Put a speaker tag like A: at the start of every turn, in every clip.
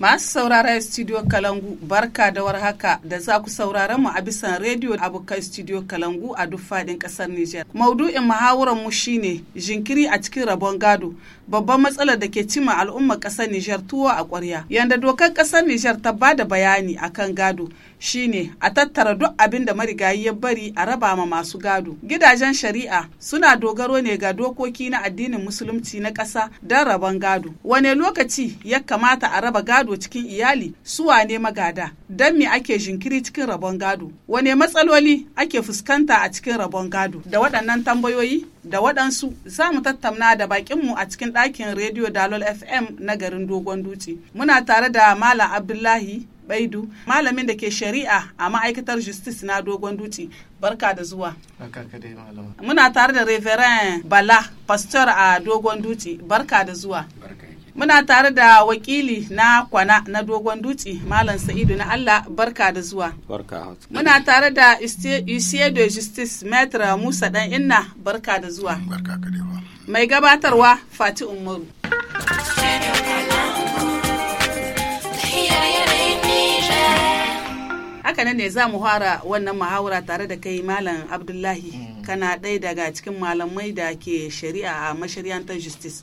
A: Masu saurara Studio Kalangu barka da haka da za ku saurara mu a bisan rediyo abokai Studio Kalangu a duk faɗin ƙasar Nijar. Maudu'in muhawuran mu shine jinkiri a cikin rabon gado babban matsalar da ke cima al'ummar ƙasar Nijar tuwo a ƙwarya. Yanda dokar ƙasar Nijar ta ba da bayani akan gado shine a tattara duk abin da marigayi ya bari a raba ma masu gado. Gidajen shari'a suna dogaro ne ga dokoki na addinin musulunci na ƙasa don rabon gado. Wane lokaci ya kamata a raba gado gado cikin iyali su wane magada don me ake jinkiri cikin rabon gado wane matsaloli ake fuskanta a cikin rabon gado da waɗannan tambayoyi da waɗansu za mu tattauna da bakinmu a cikin ɗakin rediyo dalol fm na garin dogon dutse muna tare da malam abdullahi baidu malamin da ke shari'a a ma'aikatar justice na dogon dutse barka da zuwa muna tare da reverend bala pastor a dogon dutse barka da zuwa barka Muna tare da wakili na kwana na dogon dutse Malam Sa'idu na Allah barka da zuwa. Barka Muna tare da Isiye de Justice Maitre Musa Dan Inna barka da zuwa. Barka kadewa. Mai gabatarwa Fati Umaru. Haka nan ne za mu fara wannan muhawara tare da kai Malam Abdullahi hmm. kana ɗaya daga cikin malamai da ke shari'a a mashari'antar justice.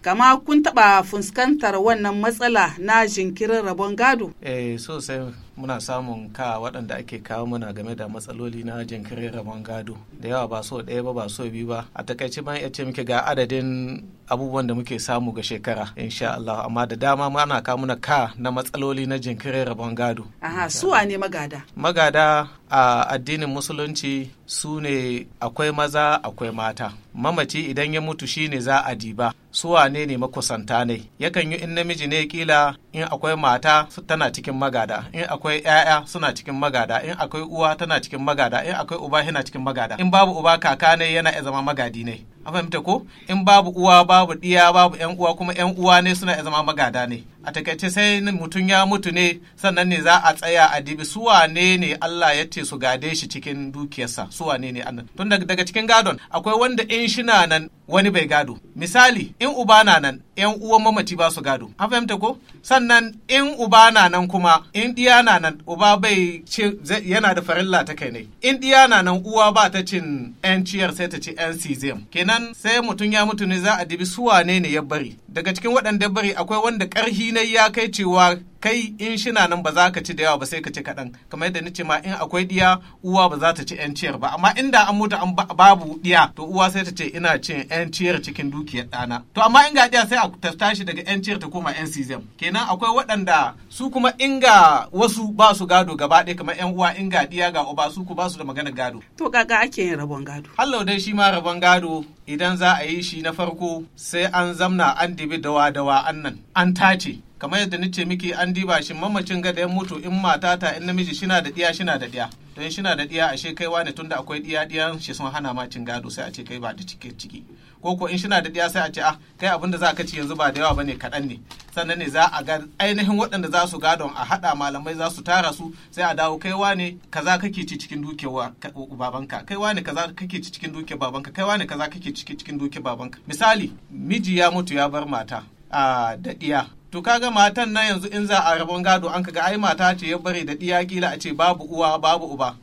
A: kama kun taɓa fuskantar wannan matsala na jinkirin rabon gado?
B: Eh sosai muna samun ka waɗanda ake kawo muna game da matsaloli na jinkirin rabon gado da yawa ba so ɗaya ba ba so biyu ba a takaice ban iya ce muke ga adadin abubuwan da muke samu ga shekara insha Allah amma da dama ma ana kamuna ka na matsaloli na jinkirin rabon gado
A: aha suwa ne magada
B: magada a addinin musulunci su ne akwai maza akwai mata mamaci idan ya mutu shine za a diba su wane ne makusanta ne yakan yi in namiji ne kila in akwai mata tana cikin magada in akwai 'ya'ya suna cikin magada in akwai uwa tana cikin magada in akwai uba yana cikin magada in babu uba kaka ne yana zama magadi ne an fahimta ko in babu uwa ba babu ɗiya babu yan uwa kuma yan uwa ne suna zama magada ne a takaice sai mutum ya mutu ne sannan ne za a tsaya a dibi su wane ne Allah ya ce su gade shi cikin dukiyarsa su wane ne annan tun daga cikin gadon akwai wanda in shina nan wani bai gado misali in uba na nan yan uwan mamaci ba su gado an fahimta ko sannan in uba na nan kuma in diya na nan uba bai ce yana da farilla ta kai ne in diya na nan uwa ba ta cin yan ciyar sai ta ci yan cesium kenan sai mutum ya mutu ne za a dibi su wane ne ya bari daga cikin waɗanda bari akwai wanda ƙarhi fushi na ya kai cewa kai in shina nan ba za ka ci da yawa ba sai ka ci kaɗan kamar yadda ni ce ma in akwai ɗiya uwa ba za ta ci yan ciyar ba amma inda an mutu an babu ɗiya to uwa sai ta ce ina ci yan ciyar cikin dukiyar ɗana to amma in ga ɗiya sai a tashi daga yan ciyar ta koma yan sizem kenan akwai waɗanda su kuma in ga wasu ba su gado gaba ɗaya kamar yan uwa in ga ɗiya ga uba su ku ba su da magana gado. to ake yin rabon gado. Allah dai shi ma rabon gado idan za a yi shi na farko sai an zamna an dibi dawa dawa annan an tace kamar yadda ni ce miki an diba shi mamacin ga da mutu in mata ta in namiji shina da diya shina da diya to in shina da diya ashe kai wani tunda akwai diya diyan shi sun hana ma cin gado sai a ce kai ba da cike ciki ko ko in shina da diya sai a ce ah kai abinda za ka ci yanzu ba da yawa bane kaɗan ne sannan ne za a ga ainihin waɗanda za su gadon a haɗa malamai za su tara su sai a dawo kai wane kaza kake ci cikin dukewa babanka kai wane kaza kake ci cikin duke babanka kai wane kaza kake ci cikin duke babanka misali miji ya mutu ya bar mata a da iya to kaga matan na yanzu in za a rabon gado an kaga ai mata ce ya bari da ɗiya kila a ce babu uwa babu uba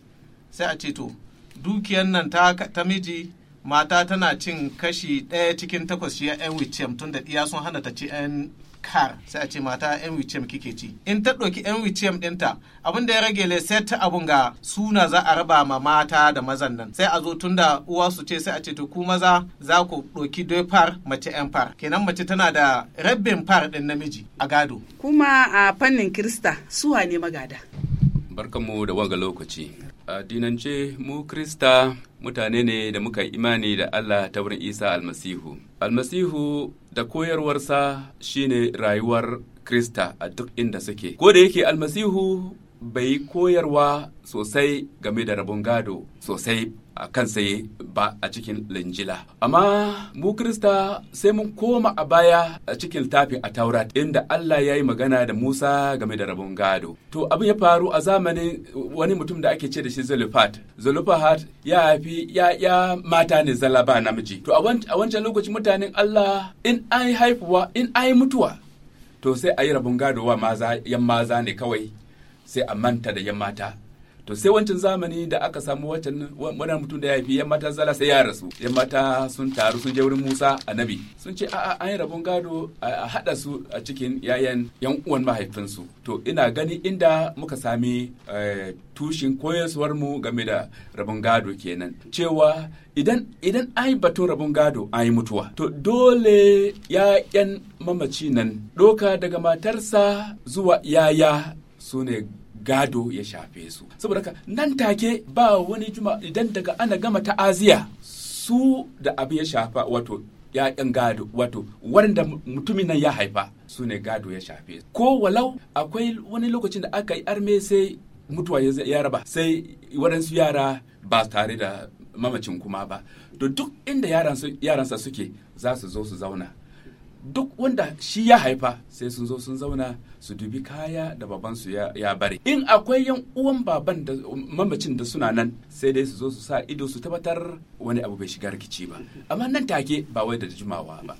B: sai a ce to dukiyan nan ta, miji mata tana cin kashi ɗaya cikin takwas shi 'yan wicce tun da ɗiya sun hana ta ci 'yan kar sai a ce mata yan wicem kike ci in ta ɗauki yan wicem ɗinta abin da ya rage le sai ta abun ga suna za a raba ma mata da mazan nan sai a zo tunda uwa su ce sai a ce to ku maza za ku ɗauki doi far mace yan far kenan mace tana da rabin far ɗin namiji a gado.
A: kuma a fannin kirista suwa ne magada.
C: barkanmu da waga lokaci a dinance mu krista mutane ne da muka yi imani da Allah ta wurin Isa almasihu. Almasihu da koyarwarsa shine rayuwar Krista a duk inda suke. Ko da yake almasihu bai koyarwa sosai game da rabon gado sosai kan sai ba a cikin linjila amma mu kirista sai mun koma a baya a cikin littafin a taurat inda allah ya yi magana da musa game da rabon gado to abin ya faru a zamanin wani mutum da ake ce da shi zulufat zulufat ya haifi ya mata ne zala ba namiji to a wancan lokacin mutanen allah in an haifuwa in an mutuwa to sai a yi rabon gado wa maza yan maza ne kawai sai a manta da yan mata to sai wancan zamani da aka samu wancan wannan mutum da ya haifi yan mata zala sai ya rasu yan mata sun taru sun je wurin Musa annabi sun ce a'a an yi rabon gado a hada su a cikin yayan yan uwan mahaifinsu to ina gani inda muka sami eh, tushin koyaswar mu game da rabon gado kenan cewa idan idan ai batun rabon gado an mutuwa to dole ya ya'yan mamaci nan doka daga matarsa zuwa yaya su ne gado ya shafe su saboda ka nan take ba wani juma idan daga ana gama ta'aziya su da abu ya shafa wato ya'yan gado wato wanda mutumin nan ya haifa su ne gado ya shafe ko walau akwai wani lokacin da aka yi arme sai mutuwa ya raba sai waɗansu yara ba tare da mamacin kuma ba to duk inda yaransa suke za su zo su zauna duk wanda shi ya haifa sai sun zo sun zauna su dubi kaya da babansu ya, ya bari in akwai yan uwan baban da mamacin da suna nan sai dai su zo su sa ido su tabbatar wani abu bai shiga rikici ba amma nan take ba wai da jimawa ba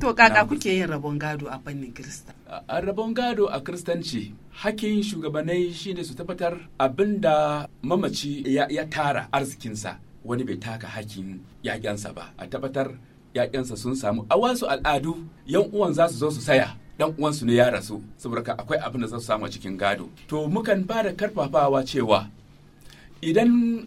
C: to kaka kuke
A: yin rabon gado a fannin kirista
C: a rabon gado a kiristanci hakkin shugabannai shine su tabbatar abinda mamaci ya, ya tara arzikinsa wani bai taka hakkin yaƙensa ba a tabbatar ƴaƴansa sun samu a wasu al'adu yan uwan za su zo su saya dan uwansu ne ya rasu saboda ka akwai abin da za su samu a cikin gado to mukan ba da karfafawa cewa idan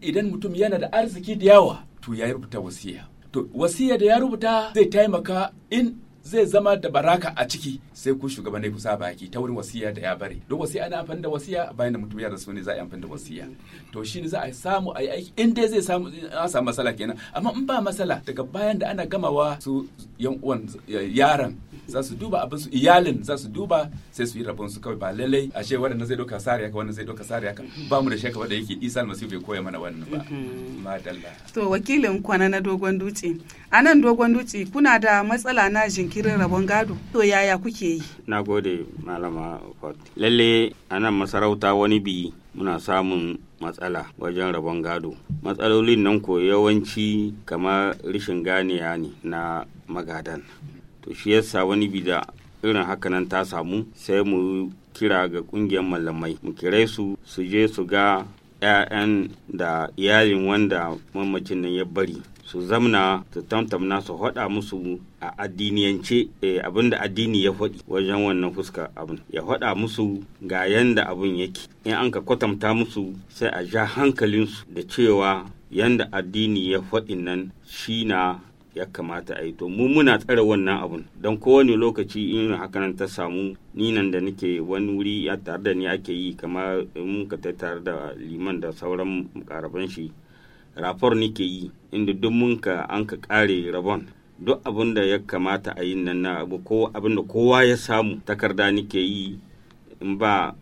C: idan mutum yana da arziki da yawa to ya rubuta wasiya to wasiya da ya rubuta zai taimaka in zai zama da baraka a ciki sai ku shugabanni ku sa baki ta wurin wasiya da ya bari don wasiya ana amfani da wasiya bayan da mutum ya rasu ne za a yi amfani da wasiya to shi ne za a samu a yi aiki in dai zai samu a samu matsala kenan amma in ba matsala daga bayan da ana gamawa su yan uwan eh, yaran za su duba abin su iyalin za su duba sai su yi rabon su kawai ba lallai ashe wannan zai doka sare haka wannan zai doka sare haka ba mu da shaka wanda yake Isa Almasihu bai koya mana wannan ba mhm. madalla
A: to wakilin kwana na dogon dutse anan dogon dutse kuna da matsala na jin jinkirin rabon gado to yaya kuke yi
D: na gode malama fati lalle a nan masarauta wani bi muna samun matsala wajen rabon gado matsalolin nan ko yawanci kamar rishin ganiya ne na magadan to shi yasa wani bi da irin haka nan ta samu sai mu kira ga kungiyar mallamai mu kirai su su je su ga 'ya'yan da iyalin wanda mamacin nan ya bari su zamna su tamtamna su haɗa musu a addiniyance eh, abin da addini ya faɗi wajen wannan fuska abin ya haɗa musu ga yanda abin yake in an ka kwatanta musu sai a ja hankalinsu da cewa yanda addini ya faɗi nan shi na ya kamata a yi to mu muna tsare wannan abun don kowane lokaci in hakanan ta samu ninan nan da nake wani wuri ya tare da ni ake yi kamar in ka tare da liman da sauran karaban shi rafor ke yi inda duk mun ka an ka kare rabon duk abin da ya kamata a yi nan na abu ko abin da kowa ya samu takarda ke yi in ba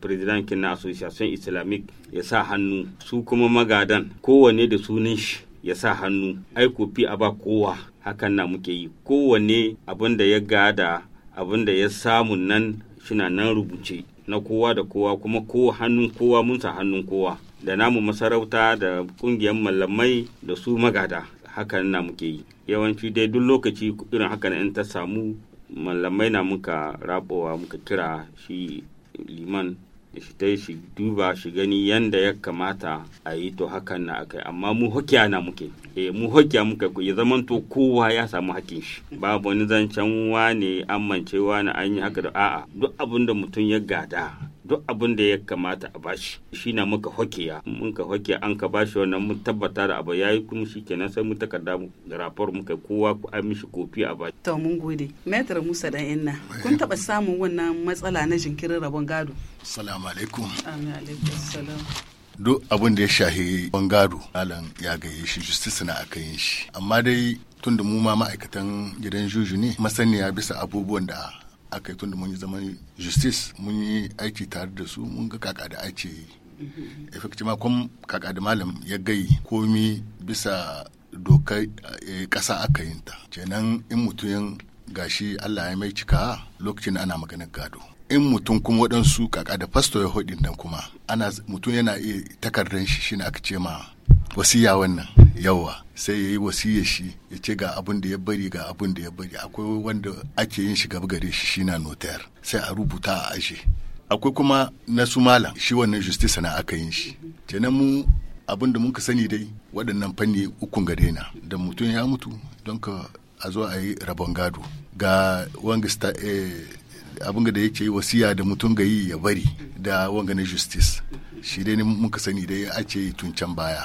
D: president kin na association islamic ya sa hannu su kuma magadan kowane da sunan shi ya sa hannu aikofi a ba kowa hakan na muke yi kowane abin da ya gada abin da ya samu nan shina nan rubuce na kowa da kowa kuma kowa hannun kowa mun sa hannun kowa da namu masarauta da kungiyar mallamai da su magada hakan na muke yi yawanci dai duk lokaci irin hakan in ta samu mallamai na muka rabowa muka kira shi liman da shi ta shi duba shi gani yanda ya kamata a yi to hakan na akai amma mu hokiya na muke eh mu hokiya muka ya zaman to kowa ya samu hakin shi babu wani zancen wane amincewa na an yi haka da a'a duk abinda mutum ya gada duk abin da ya kamata a bashi shi na muka hokiya mun ka hokiya an ka bashi wannan mun tabbata da abu yayi kuma shi kenan sai mun takarda mu rapor muka kowa ku an mishi kofi a bashi
A: to mun gode metra musa da yanna kun taba samun wannan matsala na jinkirin rabon gado assalamu alaikum amin alaikum salam
E: duk abin da ya shahi bangado alan ya gaye shi justice na aka yin shi amma dai tun da mu ma ma'aikatan gidan juju ne masaniya bisa abubuwan da aka yi tunda mun yi zaman justice mun yi aiki tare da su mun ga kaka da ake yi effectivement kuma kaka da malam ya gai komi bisa dokar eh, ƙasa aka yin ta kenan in mutum gashi Allah ya mai cika lokacin ana maganar gado in mutum kuma waɗansu kaka da fasto ya hudin nan kuma ana mutum yana iya takardar shi shine aka ce ma wasiya wannan yawa sai ya yi wasiya shi ya ce ga abin da ya bari ga abin da ya bari akwai wanda ake yin shi gaba gare shi na notar sai a rubuta a ashe akwai kuma na su malam shi wannan justice na aka yin shi kenan mu abin da muka sani dai waɗannan fanni ukun gare na da mutum ya mutu don ka a zo a yi rabon gado ga wanga eh, abin da yake wasiya da mutum ga yi ya bari da wanga na justice shi dai muka sani dai a ce tun can baya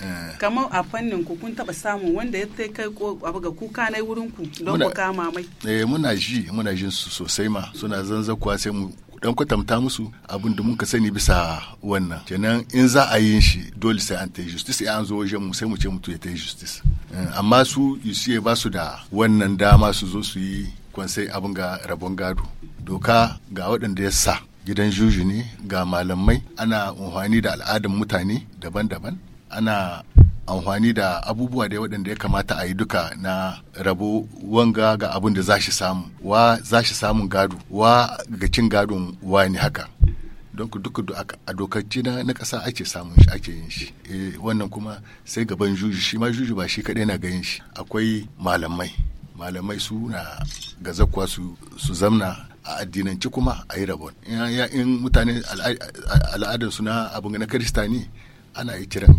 A: eh. kamar a fannin ku kun taba samu wanda ya kai kai ko abu ga kuka na wurin ku don ku kama mai
E: eh muna ji muna jin su sosai ma suna kuwa sai mu dan kwatanta musu abin da muka sani bisa wannan kenan in za a yin shi dole sai an ta justice ya an zo wajen mu sai mu ce mutu ya ta justice eh, amma su yusiye ba su da wannan dama su zo su yi sai abin ga rabon gado doka ga waɗanda ya sa gidan juju ne ga malamai ana amfani da al'adun mutane daban-daban ana amfani da abubuwa da waɗanda ya kamata a yi duka na rabo wanga ga abin da za shi samu wa za shi samun gado wa ga cin gadon wani haka don ku duka a dokarci na ƙasa ake samun shi ake yin shi eh, wannan kuma sai gaban juji shi ma juji ba shi kaɗai na ga yin shi akwai malamai malamai su na gazakuwa su zamna a addinanci kuma a yi rabon in mutane al'adarsu na abin na kirista ana yi kiran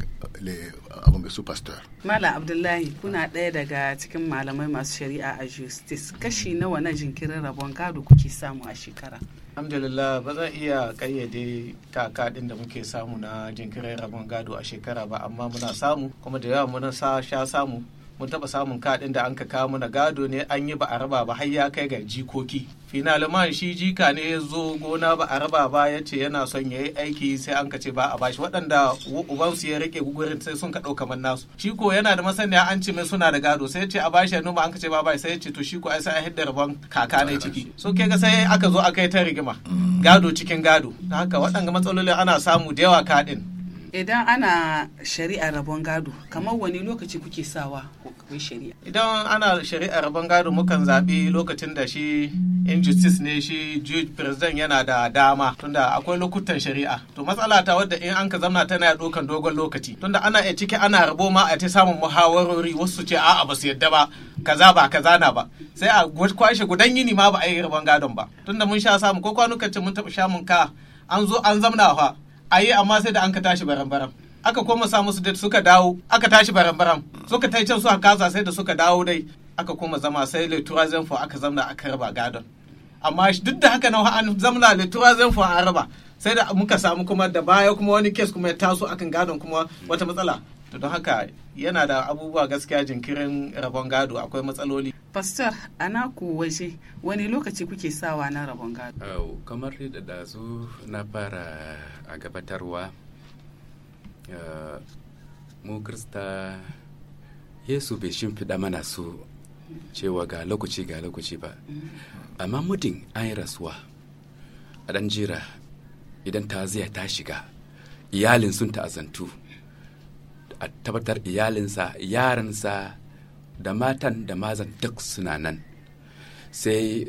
E: abin ga su pastor.
A: Mala Abdullahi kuna ɗaya daga cikin malamai masu shari'a a justice kashi nawa na jinkirin rabon gado kuke samu a shekara.
B: Alhamdulillah ba zan iya kayyade kakaɗin da muke samu na jinkirin rabon gado a shekara ba amma muna samu kuma da yawa muna sha samu mun taɓa samun kaɗin da an ka kawo mana gado ne an yi ba a raba ba har ya kai ga jikoki finalman shi jika ne ya zo gona ba a raba ba ya ce yana son ya yi aiki sai an ka ce ba a bashi waɗanda ubansu ya rike gugurin sai sun ka kamar nasu shi ko yana da masaniya an ce mai suna da gado sai ya ce a bashi ba an ka ce ba bai sai ya ce to shi ko ai sai a hidda rabon kaka ne ciki so ke ga sai aka zo aka yi ta rigima gado cikin gado haka waɗanda matsalolin ana samu da yawa kaɗin idan ana shari'a
A: rabon gado kamar wani lokaci
B: kuke sawa ko kai shari'a idan ana shari'a rabon gado mukan zaɓi lokacin da shi injustice ne shi judge president yana da dama tunda akwai lokutan shari'a to matsala ta wadda in an ka zamna tana ya ɗaukan dogon lokaci tunda ana iya ciki ana rabo ma a ta samun muhawarori wasu ce a'a ba su yadda ba kaza ba kaza na ba sai a kwashe gudan yini ma ba a yi rabon gadon ba tunda mun sha samu ko kwanukan ce mun taɓa sha ka an zo an zamna fa ayi amma sai da an ka tashi baram-baram aka koma sa musu date suka dawo aka tashi baram-baram suka tai can suka kasa sai da suka dawo dai aka koma zama sai le tourism for aka zamna aka raba gadon amma duk da haka nan an zamna le tourism for an raba sai da muka samu kuma da baya kuma wani kes kuma ya taso akan gadon kuma wata matsala to don haka yana da abubuwa gaskiya jinkirin rabon gado akwai matsaloli pastor ana ku waje wani lokaci kuke sawa
A: na rabon gado
C: kamar da dazu na fara a gabatarwa mu krista yesu bai shimfiɗa mana su cewa ga lokaci ga lokaci ba amma mutum an yi rasuwa a ɗan jira idan ta zai ta shiga iyalin sun ta'azantu a tabbatar iyalinsa yaransa da matan da mazan duk suna nan sai eh,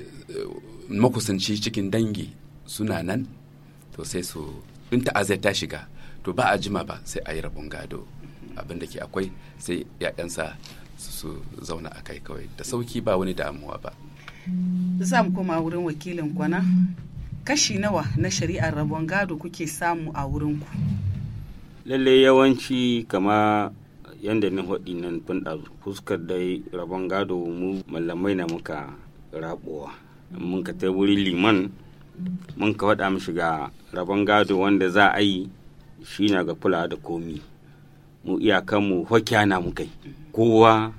C: makusanci cikin dangi suna nan to sai su in ta'azai ta shiga to ba a jima ba sai a yi rabon gado abin ke akwai sai ya'yansa su zauna a kai kawai da sauki ba wani damuwa ba
A: za mu koma wurin wakilin kwana kashi nawa na shari'ar rabon gado kuke samu a wurinku
D: lalle yawanci kama yadda na haɗi nan tun fuskar dai rabon gado mu mallamai na muka rabuwa mun ka ta wuri liman mun ka faɗa mu shiga. rabon gado wanda za a yi shi na ga kula da komi mu iyakanmu hokya na mu kai kowa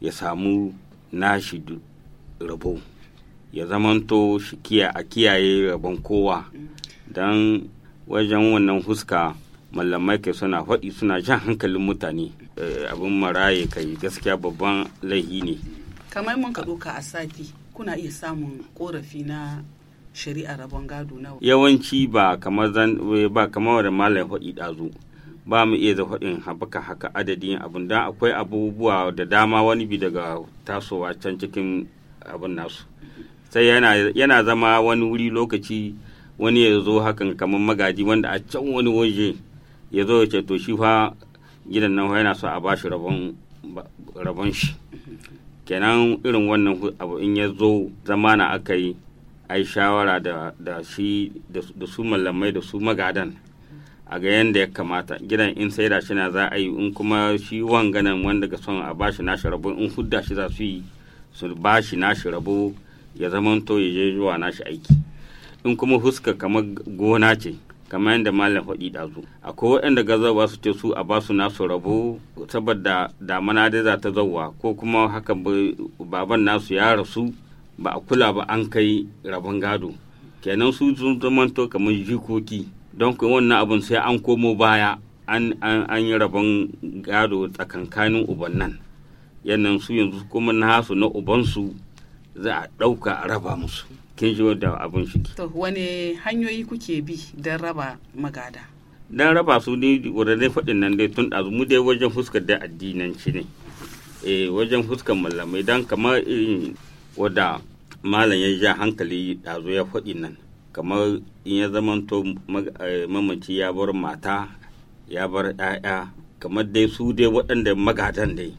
D: ya samu nashi rabo ya zamanto shi a kiyaye rabon kowa don wajen wannan fuska. mallamai kai suna faɗi suna shan hankalin mutane eh, abin maraye kai gaskiya babban laihi ne
A: kamar mun ka ɗauka a sati kuna iya samun korafi na shari'a rabon gado nawa
D: yawanci ba kamar zan eh, ba kamar da malam faɗi ɗazu ba mu iya zafaɗin haɓaka haka adadin abin da akwai abubuwa da dama wani bi daga tasowa can cikin abin nasu sai yana zama wani wuri lokaci wani ya zo hakan kamar magaji wanda a can wani waje ya zo ya ce to shi fa gidan nan yana so a bashi rabon shi kenan irin wannan abu in ya zo zamana aka yi a yi shawara da shi da su mallamai da su magadan a ga yadda ya kamata gidan in sai da shi na za a yi in kuma shi wanganan wanda ga son a bashi nashi rabo in hudda shi za su yi su bashi nashi rabo ya zamanto ya je zuwa nashi aiki in kuma huska kamar gona ce kamar yadda malam faɗi ɗazu akwai waɗanda gaza ba su ce su a basu nasu rabo saboda damana dai za ta zauwa ko kuma haka baban nasu ya rasu ba a kula ba an kai rabon gado kenan su sun zamanto kamar jikoki don kuwa wannan abin sai an komo baya an yi rabon gado tsakankanin nan yannan su yanzu kuma nasu na ubansu za a ɗauka a raba musu kin ji da abin shi
A: to wani hanyoyi kuke bi don raba magada
D: don raba su ne wurin faɗin nan dai tun ɗazu mu dai wajen fuskar da addinanci ne e wajen fuskar malamai don kamar irin wadda malam ya ja hankali ɗazu ya faɗi nan kamar in ya zamanto eh, mamaci ya bar mata ya bar ɗaya kamar dai su dai waɗanda magadan dai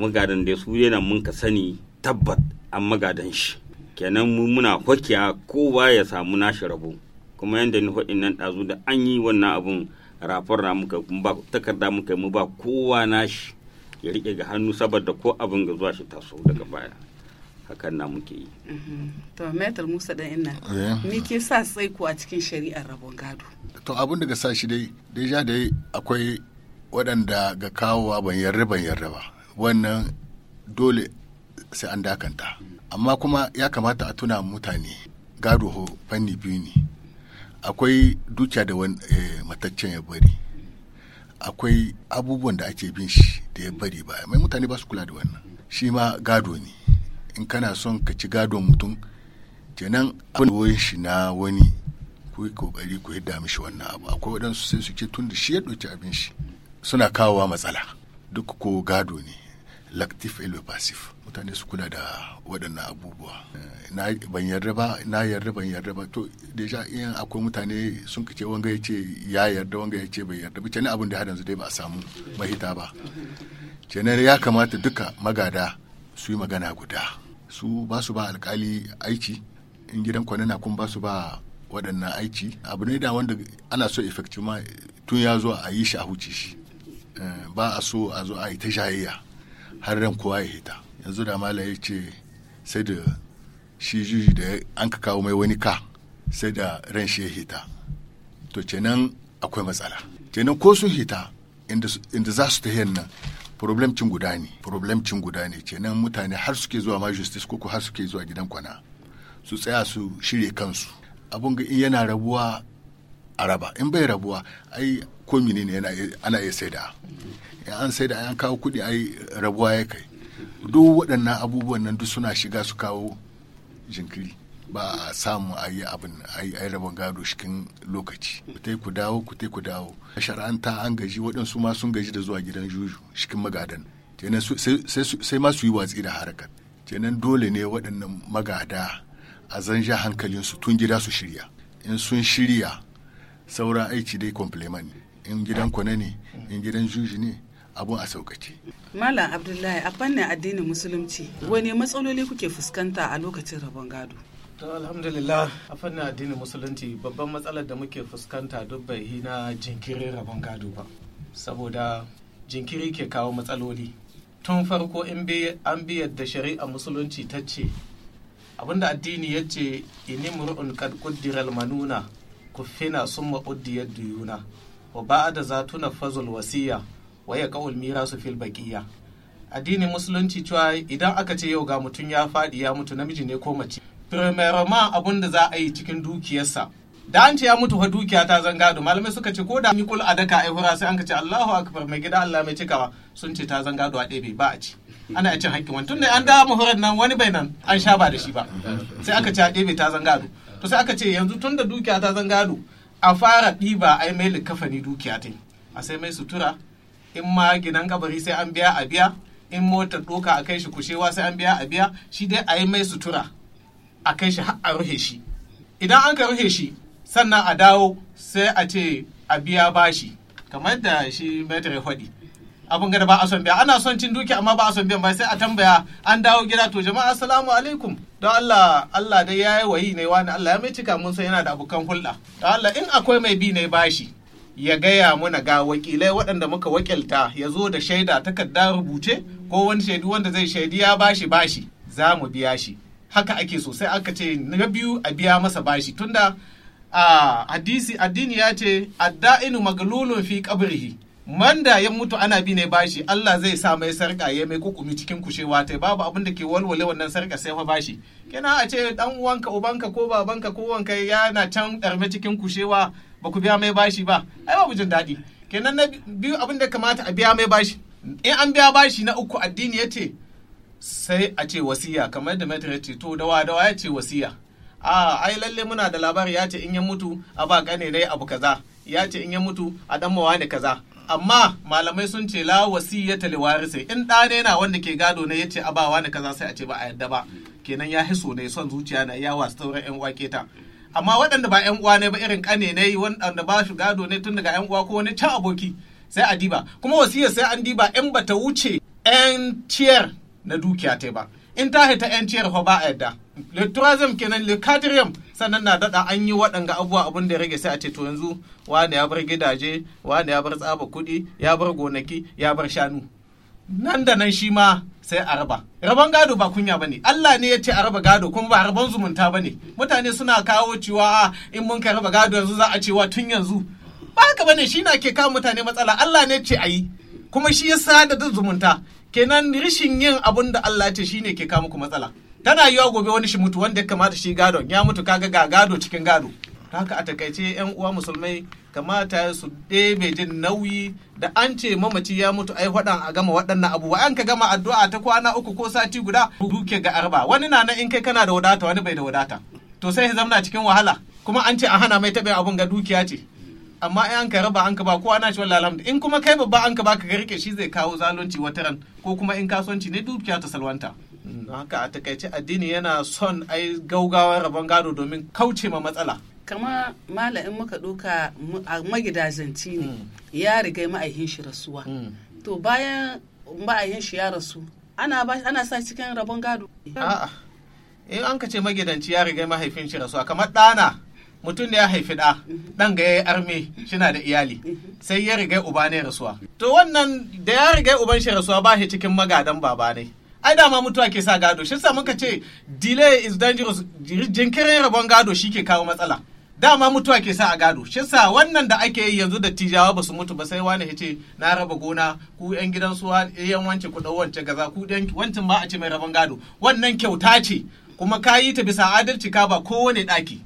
D: magadan dai su dai nan mun ka sani tabbat an magadan shi kenan mu muna hokiya kowa ya samu nashi rabo kuma yadda ni hoɗin nan ɗazu da an yi wannan abun rafar na muka ba takarda muka mu ba kowa nashi ya riƙe ga hannu saboda ko abin ga zuwa shi taso daga baya hakan na muke yi.
A: Mhm. To Metal Musa da ina eh. me ke sa tsaiko a cikin shari'ar rabon gado?
E: To abin da ga sa shi dai deja dai akwai waɗanda ga kawowa ban yarda ban yarda ba wannan dole sai an dakanta amma kuma ya kamata a tuna mutane gado ho fanni biyu ne akwai dukiya da eh, mataccen ya bari akwai abubuwan da ake bin shi da ya bari ba mai mutane ba su kula da wannan shi ma gado ne in kana son ka ci gado mutum kenan abin shi na wani ku yi kokari ku yadda mishi wannan abu akwai waɗansu sai su ce tun da shi ya ɗauki abin shi suna kawowa matsala duk ko gado ne lactif et mutane su kula da waɗannan abubuwa eh, na ban yarda ba na yarda ban yarda ba to deja in akwai mutane sun kace wanga ya ce ya yarda wanga ya ce bai yarda ba kenan abin da har yanzu dai ba a samu mahita ba kenan ya kamata duka magada su yi magana guda su ba su ba alkali aiki in gidan na kun ba su ba waɗannan aiki abu ne da wanda ana so ma tun ya zo a yi shi a huce shi eh, ba a so a zo a yi ta shayayya har ran kowa ya hita yanzu da mala ya ce sai da shi juji da an ka kawo mai wani ka sai da ran shi ya hita to kenan akwai matsala kenan ko sun hita inda za su tahiyar nan problemcin guda ne problemcin guda ne kenan mutane har suke zuwa ma justice ko har suke zuwa gidan kwana su tsaya su shirye kansu abun ga in yana rabuwa a raba in bai rabuwa ai ko ne ana iya saida in an saida an kawo kuɗi ai rabuwa ya kai duk waɗannan abubuwan nan duk suna shiga su kawo jinkiri ba a samu a yi abin a yi rabon gado cikin lokaci ku tai ku dawo ku tai ku dawo shara'anta an gaji waɗansu ma sun gaji da zuwa gidan juju cikin magadan kenan sai ma su yi watsi da harakar kenan dole ne waɗannan magada a zanja hankalinsu tun gida su shirya in sun shirya sauran aiki dai complement in gidan kwane ne in gidan juji ne abun a saukace.
A: Malam Abdullahi a fannin addinin musulunci wani matsaloli kuke fuskanta a lokacin rabon gado?
B: To alhamdulillah a fannin addinin musulunci babban matsalar da muke fuskanta duk bai yi na jinkirin rabon gado ba. Saboda jinkiri ke kawo matsaloli. Tun farko in an bi yadda shari'a musulunci ta ce abinda addini ya ce ini mur'un kad kuddiral manuna kufina summa uddiyad duyuna wa ba'da zatuna fazul wasiya waya ya mira su fil baqiya addinin musulunci cewa idan aka ce yau ga mutum ya faɗi ya mutu namiji ne ko mace primaroma abun da za a yi cikin dukiyarsa da an ce ya mutu fa dukiya ta zan gado malamai suka ce ko da ni kul adaka ai hura sai an ka ce Allahu akbar mai gida Allah mai cikawa sun ce ta zan gado a ɗebe ba a ci ana a cin hakkin wani an da muhurar nan wani bai nan an sha ba da shi ba sai aka ce a ɗebe ta zan gado to sai aka ce yanzu tunda dukiya ta zan gado a fara ɗiba ai mai likafani dukiya ta a sai mai sutura in ma gidan kabari sai an biya a biya in motar doka a kai shi kushewa sai an biya a biya shi dai a yi mai sutura a kai shi a rufe shi idan an ka rufe shi sannan a dawo sai a ce a biya bashi kamar da shi metri hodi abin gada ba a son biya ana son cin duki amma ba a son biyan ba sai a tambaya an dawo gida to jama'a assalamu alaikum don Allah Allah dai yayi wayi ne wani Allah ya mai cika mun san yana da abokan hulɗa don Allah in akwai mai bi ne bashi ya gaya mana ga wakilai waɗanda muka wakilta ya zo da shaida takarda rubuce ko wani shaidu wanda zai shaidi ya bashi bashi za mu biya shi haka ake so sai aka ce na biyu a biya masa bashi tunda a hadisi addini ya ce adda'inu maglulun fi qabrihi manda ya mutu ana bi ne bashi Allah zai sa mai sarka ya mai kukumi cikin kushewa ta babu abin da ke walwale wannan sarka sai fa bashi Kina a ce dan uwanka ubanka ko babanka ko wanka yana can darbe cikin kushewa ba ku biya mai bashi ba ai babu jin daɗi kenan na biyu abin da kamata a biya mai bashi in an biya bashi na uku addini ya ce sai a ce wasiya kamar da metri ce to dawa dawa ya ce wasiya a ai lalle muna da labari ya ce in ya mutu a ba gane dai abu kaza ya ce in ya mutu a dan mawa ne kaza amma malamai sun ce la wasiyyata li warisi in da ne na wanda ke gado na ne a ba wani kaza sai a ce ba a yadda ba kenan ya hiso ne son zuciya na ya wasu sauran yan wake ta amma waɗanda ba yan uwa ne ba irin kane ne waɗanda ba shi gado ne tun daga yan uwa ko wani can aboki sai a diba kuma wasiyar sai an diba in bata wuce yan ciyar na dukiya ta ba in ta haita yan ciyar fa ba a yadda litrazim kenan likadriyam sannan na daɗa an yi waɗanga abubuwa abun da ya rage sai a ce to yanzu wani ya bar gidaje wani ya bar tsaba kuɗi ya bar gonaki ya bar shanu nan da nan shi ma sai a raba raban gado ba kunya ba ne. Allah ne ya ce a raba gado kuma ba raban zumunta ba ne. mutane suna kawo cewa ah, in mun kai raba gado yanzu za a cewa tun yanzu ba haka ne. shi na ke kawo mutane matsala Allah ne ce a yi kuma shi ya sa da zumunta kenan rishin yin abun da Allah ce shi ne ke kawo muku matsala tana yiwa gobe wani shi mutu wanda ya kamata shi gadon. ya mutu kaga ga gado cikin gado haka a takaice yan uwa musulmai kamata su ɗebe jin nauyi da an ce mamaci ya mutu ai waɗan a gama waɗannan abubuwa an ka gama addu'a ta kwana uku ko sati guda duke ga arba wani na in kai kana da wadata wani bai da wadata to sai ya zamna cikin wahala kuma an ce a hana mai taɓa abun ga dukiya ce amma in an ka raba an ka ba kowa na shi wallahi alhamdu in kuma kai babba an ka ba ka rike shi zai kawo zalunci wata ko kuma in kasuwanci ne dukiya ta salwanta haka a takaice addini yana son ai gaugawar rabon gado domin kauce ma matsala
A: kama mala in muka ɗauka a magidajanci ne mm. ya riga ma'aihin shi rasuwa mm. to bayan ma'aihin shi ya rasu ana sa cikin rabon gado a'a
B: in an ka ce magidanci ya riga mahaifin shi rasuwa kamar ɗana mutum da ya haifi ɗa mm-hmm. ɗan ga ya yi arme shina da iyali mm-hmm. sai ya riga uba ne rasuwa to wannan da ya riga uban shi rasuwa ba shi cikin magadan baba ne ai dama mutuwa ke sa gado shi sa muka ce delay is dangerous jinkirin rabon gado shi ke kawo matsala dama mutuwa ke sa a gado shi sa wannan da ake yi yanzu da tijawa ba su mutu ba sai wani ya ce na raba gona ku yan gidan su yan eh, wance ku dau wance gaza ku yan wancin ba a ce mai raban gado wannan kyauta ce kuma ka yi ta bisa adalci ka ba kowane daki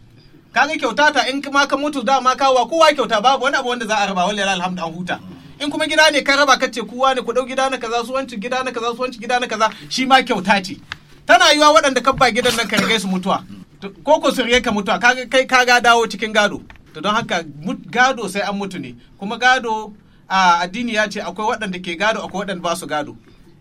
B: ga kyauta ta in ma ka mutu dama ka wa kowa kyauta babu wani abu wanda za a raba wallahi alhamdu an huta in kuma gida ne ka raba ka ce kowa ne ku dau gida na kaza su wancin gida na kaza su wancin gida na kaza shi ma kyauta ce tana yiwa waɗanda kabba gidan nan ka rage su mutuwa ko ko surye ka mutuwa kai ka ga dawo cikin gado to don haka gado sai an mutu ne kuma gado a addini ya ce akwai waɗanda ke gado akwai waɗanda ba su gado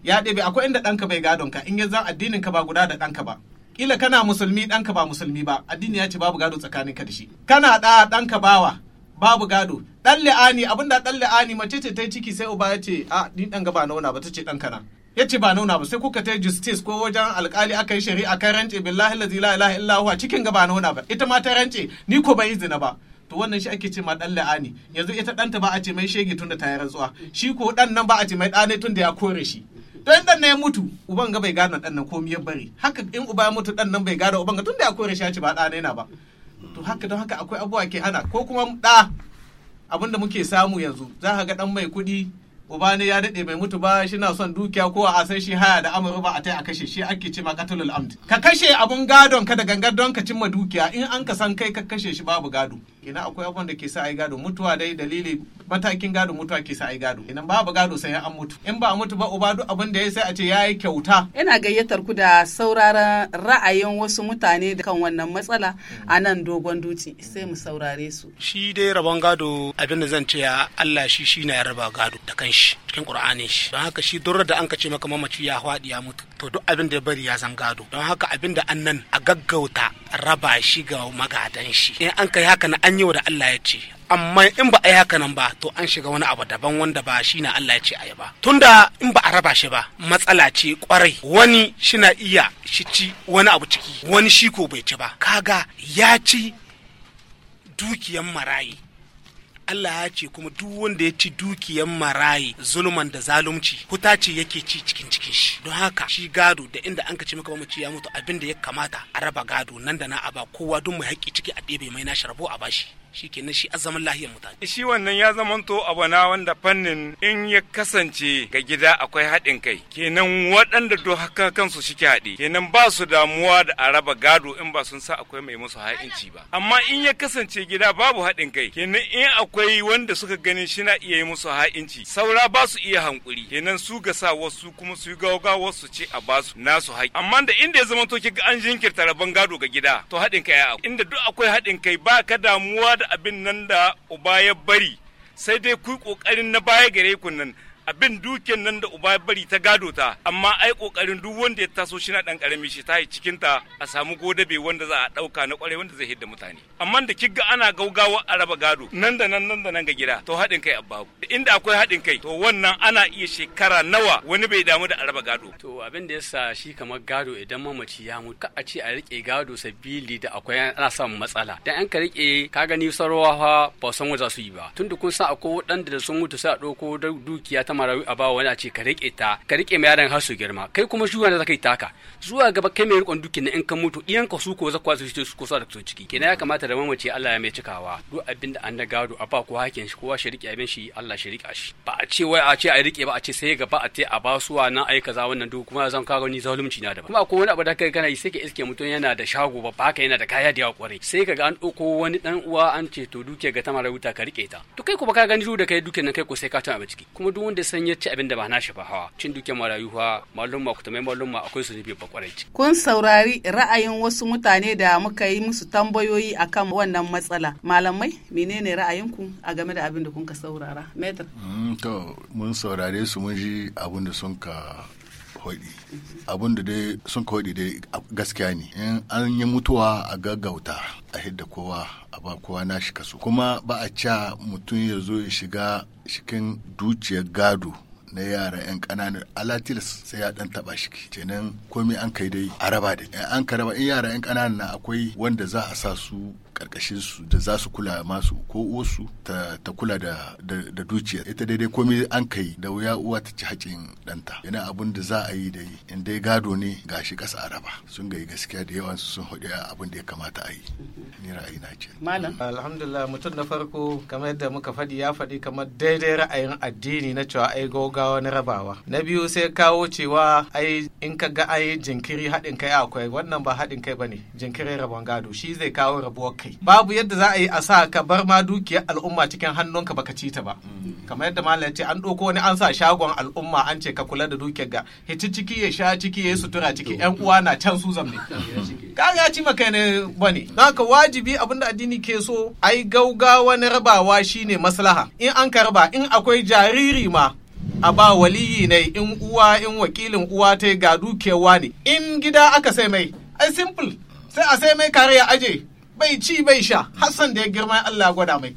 B: ya ɗebe akwai inda ɗanka bai gadon ka in ya zan addinin ka ba guda da ɗanka ba kila kana musulmi ɗanka ba musulmi ba addini ya ce babu gado tsakanin ka da shi kana ɗa ɗanka bawa babu gado ɗan li'ani abinda ɗan li'ani mace ce ta yi ciki sai uba ya ce a ni ɗan gaba na ba ta ce ɗan kana ya ce ba nuna ba sai kuka ta justice ko wajen alkali aka yi shari'a kai rance billahi lazi la ilaha illa huwa cikin gaba nuna ba ita ma ta rance ni ko ban izina zina ba to wannan shi ake ce ma dan la'ani yanzu ita danta ba a ce mai shege tunda ta yi rantsuwa shi ko dan nan ba a ce mai dane tunda ya kore shi don dan nan ya mutu uban ga bai gano dan nan komai ya bari haka in uba ya mutu dan nan bai gano uban ga tunda ya kore shi ya ce ba dane na ba to haka don haka akwai abubuwa ke hana ko kuma da abinda muke samu yanzu za ka ga dan mai kuɗi uba ne ya daɗe bai mutu ba shi na son dukiya ko a san shi haya da amuru ba a tai a kashe shi ake ce ma qatlul amd ka kashe abun gadon ka da gangar don ka cimma dukiya in an ka san kai ka kashe shi babu gado ina akwai abun da ke sa ai gado mutuwa dai dalili matakin gado mutuwa ke sa ai gado idan babu gado sai an mutu in ba a mutu ba uba duk abun da ya sai a ce ya yi kyauta
A: ina gayyatar ku da sauraron ra'ayin wasu mutane da kan wannan matsala a nan dogon duci sai mu saurare su
B: shi dai rabon gado abin da zan ce Allah shi shine ya raba gado da kanshi shi cikin qur'anin shi don haka shi durar da an ce maka mamaci ya faɗi ya mutu to duk abin da ya bari ya zan gado don haka abin da an nan a gaggauta raba shi ga magadan shi in an kai haka na an yi wa da Allah ya ce amma in ba a yi haka nan ba to an shiga wani abu daban wanda ba shi na Allah ya ce a yi ba tunda in ba a raba shi ba matsala ce kwarai wani shi iya shi ci wani abu ciki wani shi ko bai ci ba kaga ya ci
C: dukiyan marayi Allah ya ce kuma duk wanda ya ci dukiyan marayi zulman da zalunci huta ce yake ci cikin cikin shi don haka shi gado
B: da inda an ka ci maka mamaci ya mutu abinda ya kamata a raba gado nan da na a ba kowa duk mai haƙƙi ciki a ɗebe mai na sharabo a bashi shi kenan shi zaman lahiyar mutane.
C: Shi wannan ya to abu na wanda fannin in ya kasance ga gida akwai haɗin kai kenan waɗanda do haka kansu shi haɗe kenan ba su damuwa da a raba gado in ba sun sa akwai mai musu ha'inci ba. Amma in ya kasance gida babu haɗin kai kenan in akwai wanda suka gani shina iya yi musu ha'inci saura ba su iya hankuri kenan su ga sa wasu kuma su gawa wasu ce a ba su nasu haƙi. Amma da inda ya zama ki ga an jinkirta rabon gado ga gida to haɗin kai ya. inda duk akwai haɗin kai ba ka damuwa da abin nan da uba ya bari sai dai ku ƙoƙarin na baya gare ku nan abin duken nan da uba bari ta gado ta amma ai kokarin duk wanda ya taso shi na dan karami shi ta yi cikin ta a samu godabe wanda za a dauka na kware wanda zai hidda mutane amma da kigga ana gaugawa a raba gado nan da nan nan da nan ga gida to haɗin kai abbabu inda akwai haɗin kai to wannan ana iya shekara nawa wani bai damu da a raba gado to abin da yasa shi kamar gado idan mamaci ya mutu ka a ce a rike gado sabili da akwai ana samun matsala dan an ka rike ka gani sarwa fa ba san waza su yi ba da kun san akwai wadanda da sun mutu sai a ɗauko dukiya ta marayu a bawa wani a ce ka rike ta ka rike ma yaran har su girma kai kuma shi wanda zaka yi taka zuwa gaba kai mai rikon dukin in ka mutu iyan ka su ko za kwasu su ko sa da su ciki kina ya kamata da mamace Allah ya mai cikawa duk abin da an na gado a ba ko hakin shi kowa shi rike abin shi Allah shi rika shi ba a ce wai a ce a rike ba a ce sai gaba a te a ba su a ai kaza wannan duk kuma zan kawo ni zalunci na da kuma akwai wani abu da kai kana yi sai ka iske mutun yana da shago ba haka yana da kaya da yawa kwarai sai ka ga an ɗauko wani dan uwa an ce to duke ga ta marayu ka rike ta to kai kuma ka gani da kai duke nan kai ko sai ka tana ciki kuma duk wanda san ya ci abin da ba shi ba hawa cin duke marayu ha mallum ma kutumai mallum ma akwai su ne ba kwarai
A: kun saurari ra'ayin wasu mutane da muka yi musu tambayoyi akan wannan matsala malamai menene ra'ayinku a game da abin da kun ka saurara
E: mm, to mun saurare su mun ji abin da sun ka kwaɗi abin da dai sun kwaɗi dai gaskiya ne in an yi mutuwa a gaggauta a hidda kowa a ba kowa na shi kaso kuma ba a ca mutum ya zo ya shiga cikin dukiyar gado na yara 'yan ƙananan alatilis sai ya dan taba shi kenan komai an kai dai a raba da an ka raba in yara 'yan ƙananan akwai wanda za a sa su karkashin su da za su kula masu ko uwarsu ta, ta kula da, da, dukiya ita daidai komai an kai da wuya uwa ta ci haƙin ɗanta yana abun da za a yi da yi in dai gado ne gashi kasa araba sun gayi gaskiya da yawan sun haɗu abun da ya kamata a yi ni ra'ayi na
B: ce malam alhamdulillah mutum na farko kamar yadda muka faɗi ya faɗi kamar daidai ra'ayin addini na cewa ai gogawa na rabawa na biyu sai kawo cewa ai in ka ga ai jinkiri haɗin kai akwai wannan ba haɗin kai bane jinkirin rabon gado shi zai kawo rabuwar kai kai babu yadda za a yi a sa ka bar ma dukiyar al'umma cikin hannunka baka ci ta ba kamar yadda malam ce an ɗauko wani an sa shagon al'umma an ce ka kula da dukiyar ga hici ciki ya sha ciki ya sutura ciki yan uwa na can su zamne ka ya ci maka ne bane don haka wajibi abinda addini ke so ai gaugawa na rabawa shine maslaha in an ka raba in akwai jariri ma a ba waliyi ne in uwa in wakilin uwa ta ga dukewa ne in gida aka sai mai ai simple sai a sai mai kare ya aje bai ci bai sha hassan da ya girma Allah gwada mai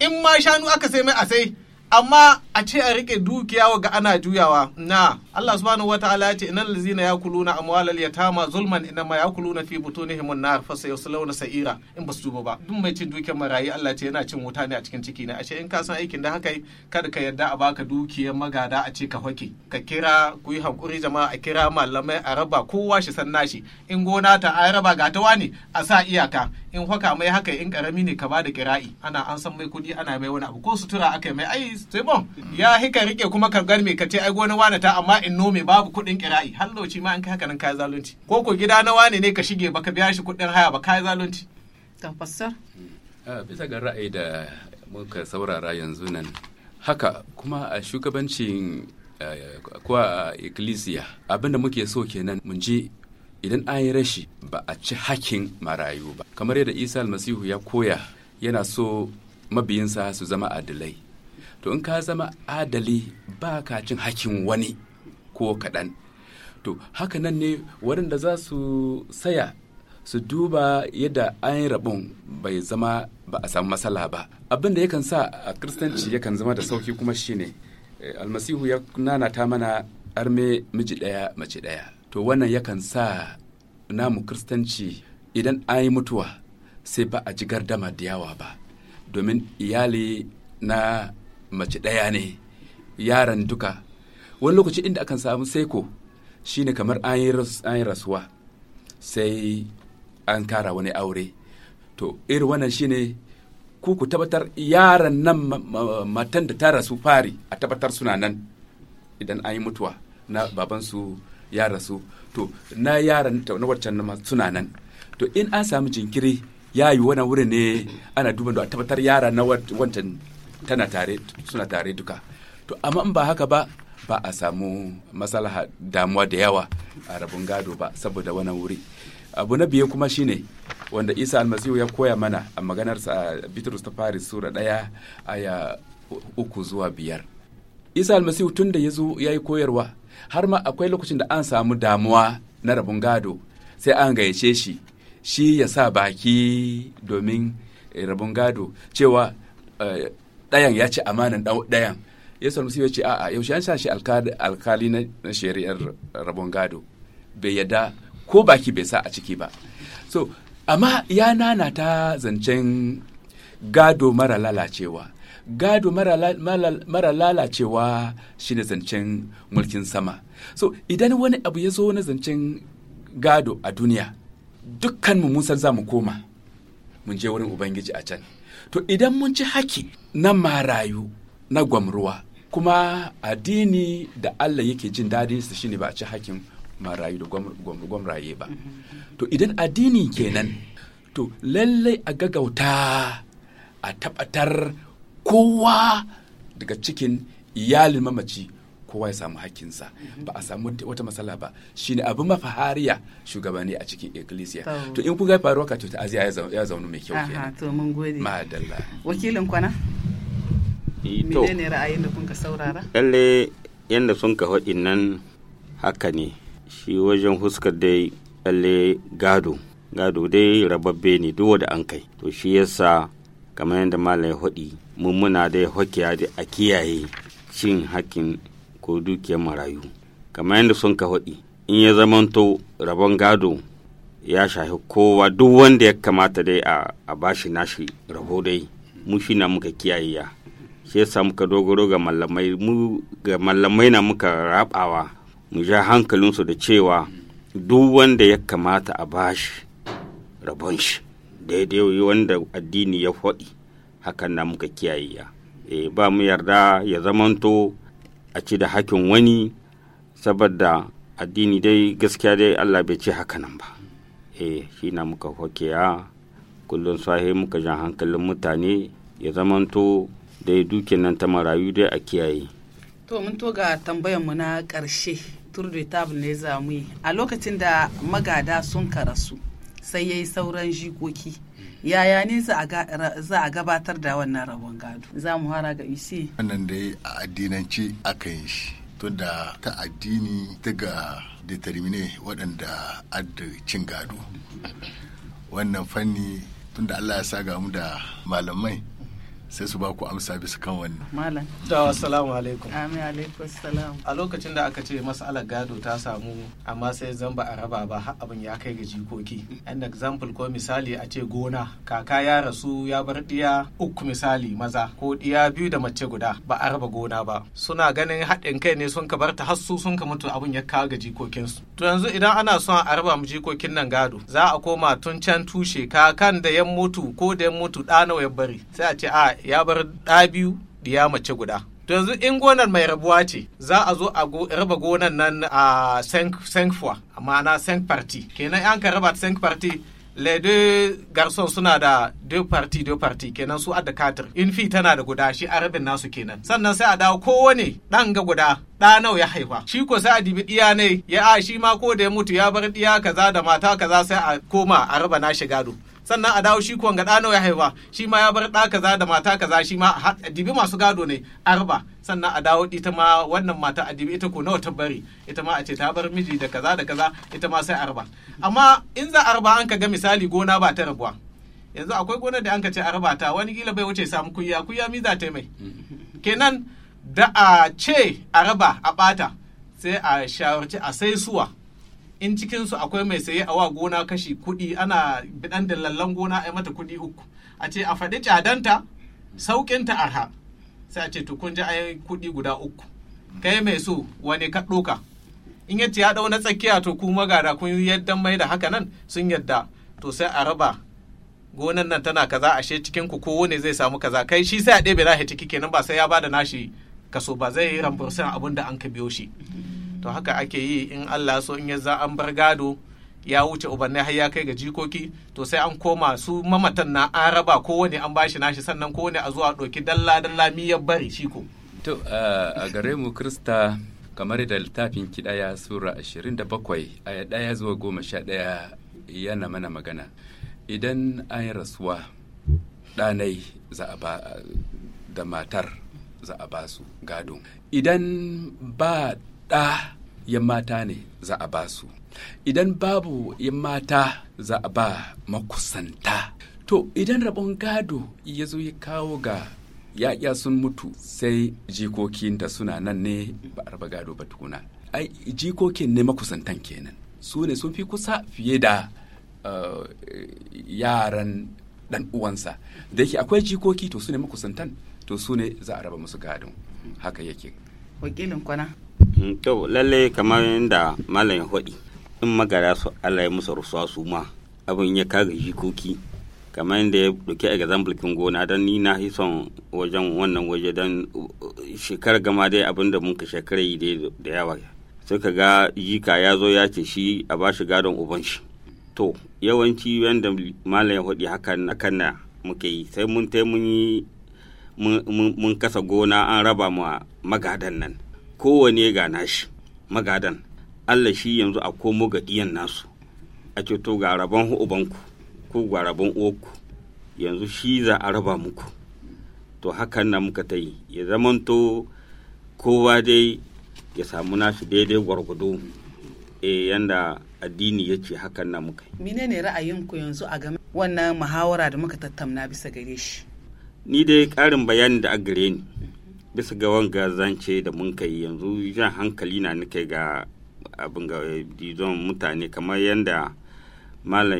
B: in ma shanu aka sai mai a sai amma a ce a rike dukiya ga ana juyawa na Allah subhanahu wataala ya ce innal ladzina yakuluna amwalal yatama zulman inma yakuluna fi butunihim an-nar fa sayusluna sa'ira in basu ba duk mai cin dukiyar marayi Allah ce yana cin wuta ne a cikin ciki ne ashe in ka san aikin da haka kada ka yarda a baka dukiyar magada a ce ka hoke ka kira ku yi hakuri jama'a a kira malamai a raba kowa shi san nashi in gona ta a raba ga ta wani a sa iyaka in haka mai haka in karami ne ka bada kira'i ana an san mai kudi ana mai wani abu ko sutura aka mai ai sai bon ya hika rike kuma ka garme ka ce ai gona wani ta amma in nome babu kuɗin kira'i hallauci ma an kai haka kayan zalunci ko ko gida na wane ne ka shige baka biya shi kuɗin haya ba kayan zalunci
C: bisa ga ra'ayi da muka saurara yanzu nan haka kuma a shugabancin ko a ikkilisiya abinda muke so kenan mun ji idan an yi rashi ba a ci hakin marayu ba kamar yadda isa almasihu ya koya yana so mabiyinsa su zama adalai to in ka zama adali ba ka cin hakin wani ko kaɗan to haka nan ne waɗanda za su saya su duba yadda an rabon bai zama ba a samu matsala ba abin da yakan sa a kiristanci yakan zama da sauki kuma shi ne eh, almasihu ya nanata mana arme miji ɗaya mace ɗaya to wannan yakan sa namu kiristanci idan an yi mutuwa sai ba a ji gardama da yawa ba domin iyali na mace ɗaya ne yaran duka wani lokaci inda akan samu saiko shine kamar an yi rasuwa sai an kara wani aure to irin wannan shine ku ku tabbatar yaran nan matan da ta rasu fari a tabbatar suna nan idan an yi mutuwa na babansu ya rasu to na yaran na waccan suna nan to in an samu jinkiri ya yi wani wuri ne ana duba da a tabbatar yara na wancan tana tare suna tare duka to amma in ba haka ba ba a samu masalaha damuwa da yawa a rabin gado ba saboda wannan wuri abu na biyu kuma shine wanda isa almasihu ya koya mana a maganarsa a bitrus ta faris sura ɗaya aya uku zuwa biyar isa almasihu tun da ya zo ya yi koyarwa har ma akwai lokacin da an samu damuwa na rabin gado sai an gayyace shi shi ya sa baki domin rabin gado cewa eh, ɗayan ya ci amanan ɗayan yesu almasihu ya ce a'a yaushe an sa shi alkali na shari'ar rabon gado bai yadda ko baki bai sa a ciki ba so amma ya nana ta zancen gado mara lalacewa gado mara, mara lalacewa shine zancen mulkin sama so idan wani abu ya zo na zancen gado a duniya dukkan mu san za mu koma mun je wurin ubangiji a can to idan mun ci haki na marayu na gwamruwa kuma addini da allah yake jin daɗin su shine ba a ci hakin marayu da gwamraye ba to idan addini kenan to lallai a gagauta a tabbatar kowa daga cikin iyalin mamaci kowa ya samu hakkinsa ba a samu wata matsala ba shine abin mafahariya shugabanni a cikin ecclesia to in kuka faruwa ka to aziya ya zaunu mai kyau kenan to mun wakilin kwana Eh, menene
A: ra'ayin da kunka saurara
D: lalle yadda sun ka faɗi nan haka ne shi wajen huskar dai lalle gado gado dai rababbe ne duk wanda an kai to shi yasa kamar yadda malai ya faɗi mummuna dai hakiya da a kiyaye cin hakkin ko dukiyar marayu kamar yadda sun ka hudi in ya zamanto rabon gado ya shafi kowa duk wanda ya kamata dai a bashi nashi rabo dai mu shi na muka kiyaye ya shi yasa muka dogaro ga mallamai mu ga mallamai na muka rabawa mu ja hankalinsu da cewa duk wanda ya kamata a bashi rabon shi daidai wanda addini ya faɗi hakan na muka kiyaye ya e, eh, ba mu yarda ya zamanto a ci da hakin wani saboda addini dai gaskiya dai Allah bai ce hakanan ba e shi na muka hokiya kullum sahe muka jan hankalin mutane ya zamanto dai dukin nan ta marayu dai a kiyaye
A: to mun to ga tambayar mu na karshe tur da table ne za mu yi a lokacin da magada sun karasu sai yayi sauran jikoki yaya ne za a gabatar da wannan rabon gado za mu hara ga isi
E: wannan dai a addinance aka yi shi da ta addini ta ga determine waɗanda adda cin gado wannan fanni tunda allah ya sa gamu da malamai sai su ba ku amsa bisa kan wani.
B: Malam. salamu alaikum. Amin alaikum salam. A lokacin da aka ce masalar gado ta samu amma sai zan ba a raba ba har abin ya kai ga jikoki. An example ko misali a ce gona kaka ya rasu ya bar ɗiya uku misali maza ko ɗiya biyu da mace guda ba a raba gona ba. Suna ganin haɗin kai ne sun ka bar ta har su sun ka mutu abin ya kawo ga jikokinsu. To yanzu idan ana son a raba mu jikokin nan gado za a koma tun can tushe kakan da ya mutu ko da ya mutu ɗa nawa ya bari sai a ce a ya bar ɗa biyu ya mace guda to yanzu in gonar mai rabuwa ce za a zo a raba gonar nan a senkfuwa ma'ana senk party kenan an ka raba senk party les deux garçons suna da deux parties deux parties kenan su adda katir in fi tana da guda shi arabin nasu kenan sannan sai a dawo kowane ɗan ga guda ɗa nawa ya haifa shi ko sai a dibi ɗiya ne ya a shi ma ko da ya mutu ya bar ɗiya kaza da mata kaza sai a koma a raba na gado sannan a dawo shi kuwan ga ɗano ya haifa shi ma ya bar ɗa kaza da mata kaza shi ma a dibi masu gado ne arba sannan a dawo ita ma wannan mata a dibi ita ko nawa ta bari ita ma a ce ta bar miji da kaza da kaza ita ma sai arba amma in za arba an ka ga misali gona ba ta rabuwa yanzu akwai gonar da an ka ce arba ta wani gila bai wuce samu kuya kuya mi za ta mai mm-hmm. kenan da a ce araba a ɓata sai a shawarci a sai suwa in cikin su akwai mai saye wa gona kashi kuɗi ana bidan lallan gona a mata kuɗi uku a ce a faɗi tsadanta sauƙinta arha sai a ce to kun ji yi kuɗi guda uku kai mai so wani ka ɗoka in yace ya ɗau na tsakiya to kuma gara kun yadda mai da haka nan sun yadda to sai a raba gonan nan tana kaza ashe cikin ku kowane zai samu kaza kai shi sai a ɗebe na ciki kenan ba sai ya bada nashi kaso ba zai yi rambursan abun da an ka biyo shi to haka ake yi in Allah so in ya za an bar gado ya wuce ubanni har ya kai ga jikoki to sai an koma su mamatan na an raba wani an bashi nashi sannan wani a zuwa ɗauki dalla dalla ya bari shi ko. to
C: a gare mu krista kamar da littafin kidaya sura 27 aya ɗaya zuwa goma sha yana mana magana idan an rasuwa ɗanai za a ba da matar za a ba su gado idan ba ɗa yan mata ne za a ba su idan babu yan mata za a ba makusanta to idan rabon gado ya zo ya kawo ga yaƙya sun mutu sai jikokin da suna nan ne ba a raba gado ba tukuna ai jikokin ne makusantan kenan su ne sun fi kusa fiye da eh, yaran dan uwansa da yake akwai jikoki to su ne makusantan to su ne za a raba musu gado haka yake
A: wakilin kwana
C: Mm, to
D: lalle kamar yadda malam ya in magara su Allah ya musu rusuwa su ma abin ya kare jikoki kamar yadda ya ɗauki example kin gona don ni na fi son wajen wannan waje don uh, shekarar gama dai abin da muka shekara yi da yawa ka ga jika ya zo ya ce shi a ba shi gadon uban shi to yawanci yadda malam ya hakan akan na muke yi sai mun mun mun kasa gona an raba ma magadan nan kowane ga nashi magadan Allah shi yanzu a komo ga ɗiyan nasu a to ga rabon ubanku ko ga rabon uwanku yanzu shi za a raba muku to hakan na muka ta yi ya zamanto kowa dai ya samu nashi daidai gwargwado e yanda addini ya ce hakan na muka
A: yi menene ra'ayinku yanzu a game wannan muhawara da muka tattauna bisa gare shi
D: ni dai ƙarin bayani da a gare ni bisa ga wanga zance da mun kai yanzu jan hankali na nake ga abin ga dizon mutane kamar yadda malam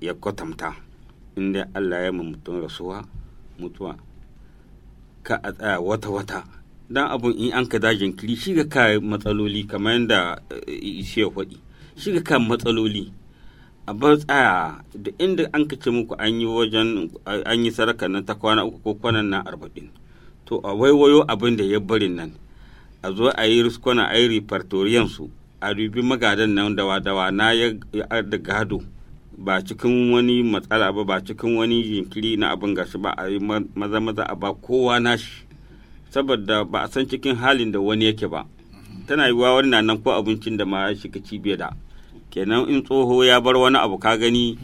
D: ya kwatanta inda allah ya mutum rasuwa mutuwa ka a tsaya wata-wata don abun in an ka dajin kiri shi ga kayan matsaloli kamar yadda eh, isi ya faɗi shi ga kayan matsaloli a bar tsaya da inda an ka ce muku an yi wajen an yi saraka na ta kwana uku ko kwanan na arba'in to a waiwayo abin da ya bari nan a zo a yi riskona a yi repertoriyan su a dubi magadan nan dawa dawa na ya da gado ba cikin wani matsala ba ba cikin wani jinkiri na abin gashi ba a yi maza maza a ba kowa nashi saboda ba a san cikin halin da wani yake ba tana yiwuwa wani na nan ko abincin da ma shi shiga cibiya da kenan in tsoho ya bar wani abu ka gani